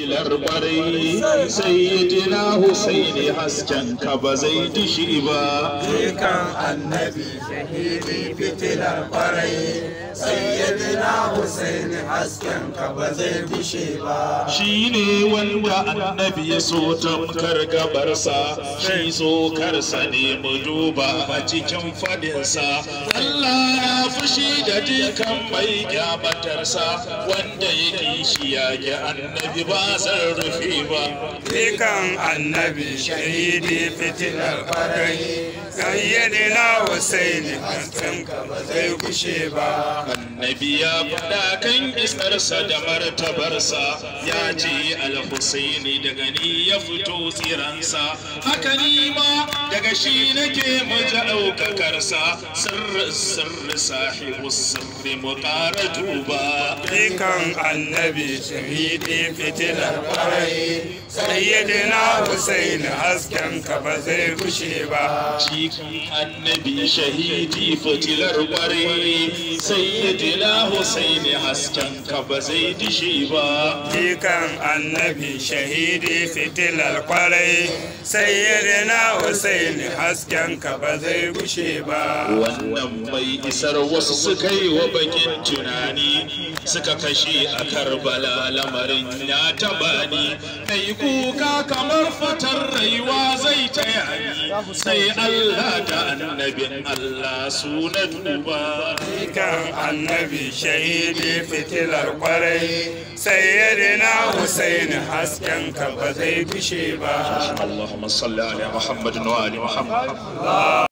fitilar barai sayyidina husaini hasken ka ba zai dishi ba jikan annabi shahidi fitilar barai sayyidina husaini hasken ka ba zai dishi ba shi ne wanda annabi ya so tamkar gabarsa shi so karsa ne mu duba a cikin fadinsa Allah ya ji kan mai kyamatarsa wanda ya kishi ya ki annabi ba zan rufe ba. Fikan annabi shahidi fitilar farai, gayyade na Hussaini kan gushe ba annabi ya faɗa kan isarsa da martabarsa ya ce al-husaini daga ni ya fito tsiransa haka ni ma daga shi nake maja ɗaukakarsa sirri sirri sahibu sirri mu ƙara duba annabi shahidi fitilar ƙwarai sayyidina husaini hasken ka ba zai gushe ba cikin annabi shahidi fitilar ƙwarai haske sayyidina husaini hasken ka ba zai dishi ba kikan annabi shahidi fitilar kwarai sayyidina husaini hasken ka ba zai gushe ba wannan mai isar wasu suka yi wa bakin tunani suka kashe a karbala lamarin ya taba ni kuka kamar wutar rayuwa zai ta yayi sai Allah da annabin Allah su na duba kan annabi shahidi fitilar kwarai sayyidina Hussein hasken ka ba zai bishe ba Allahumma salli ala Muhammadin wa ali Muhammad